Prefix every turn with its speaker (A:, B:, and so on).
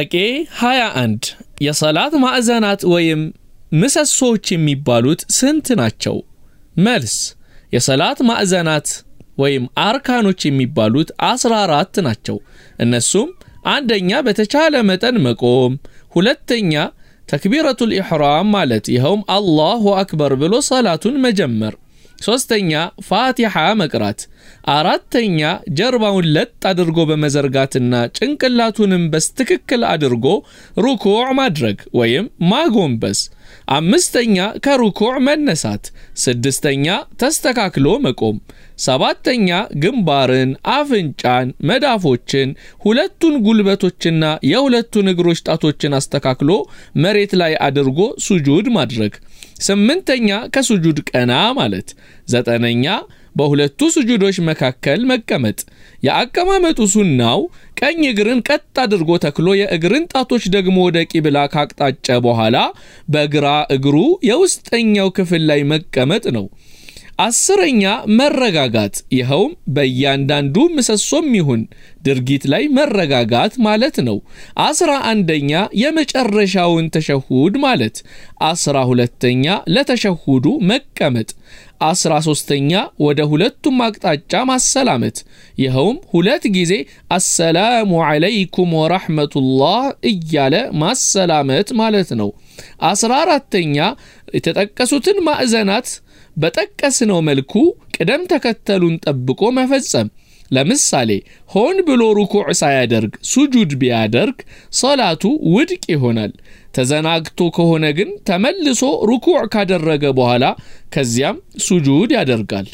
A: ጥያቄ 21 የሰላት ማዕዘናት ወይም ምሰሶዎች የሚባሉት ስንት ናቸው? መልስ የሰላት ማዕዘናት ወይም አርካኖች የሚባሉት 14 ናቸው። እነሱም አንደኛ በተቻለ መጠን መቆም፣ ሁለተኛ ተክቢረቱል ኢሕራም ማለት ይኸውም አላሁ አክበር ብሎ ሰላቱን መጀመር ሶስተኛ ፋቲሓ መቅራት፣ አራተኛ ጀርባውን ለጥ አድርጎ በመዘርጋትና ጭንቅላቱንም በስትክክል አድርጎ ሩኩዕ ማድረግ ወይም ማጎንበስ፣ አምስተኛ ከሩኩዕ መነሳት፣ ስድስተኛ ተስተካክሎ መቆም፣ ሰባተኛ ግንባርን፣ አፍንጫን፣ መዳፎችን፣ ሁለቱን ጉልበቶችና የሁለቱን እግሮች ጣቶችን አስተካክሎ መሬት ላይ አድርጎ ሱጁድ ማድረግ ስምንተኛ ከሱጁድ ቀና ማለት፣ ዘጠነኛ በሁለቱ ስጁዶች መካከል መቀመጥ። የአቀማመጡ ሱናው ቀኝ እግርን ቀጥ አድርጎ ተክሎ የእግርን ጣቶች ደግሞ ወደ ቂብላ ካቅጣጨ በኋላ በግራ እግሩ የውስጠኛው ክፍል ላይ መቀመጥ ነው። አስረኛ መረጋጋት፣ ይኸውም በእያንዳንዱ ምሰሶም ይሁን ድርጊት ላይ መረጋጋት ማለት ነው። አስራ አንደኛ የመጨረሻውን ተሸሁድ ማለት፣ አስራ ሁለተኛ ለተሸሁዱ መቀመጥ፣ አስራ ሶስተኛ ወደ ሁለቱም አቅጣጫ ማሰላመት ይኸውም ሁለት ጊዜ አሰላሙ ዓለይኩም ወራህመቱላህ እያለ ማሰላመት ማለት ነው። አስራ አራተኛ የተጠቀሱትን ማዕዘናት በጠቀስነው መልኩ ቅደም ተከተሉን ጠብቆ መፈጸም ለምሳሌ ሆን ብሎ ሩኩዕ ሳያደርግ ሱጁድ ቢያደርግ ሰላቱ ውድቅ ይሆናል። ተዘናግቶ ከሆነ ግን ተመልሶ ሩኩዕ ካደረገ በኋላ ከዚያም ሱጁድ ያደርጋል።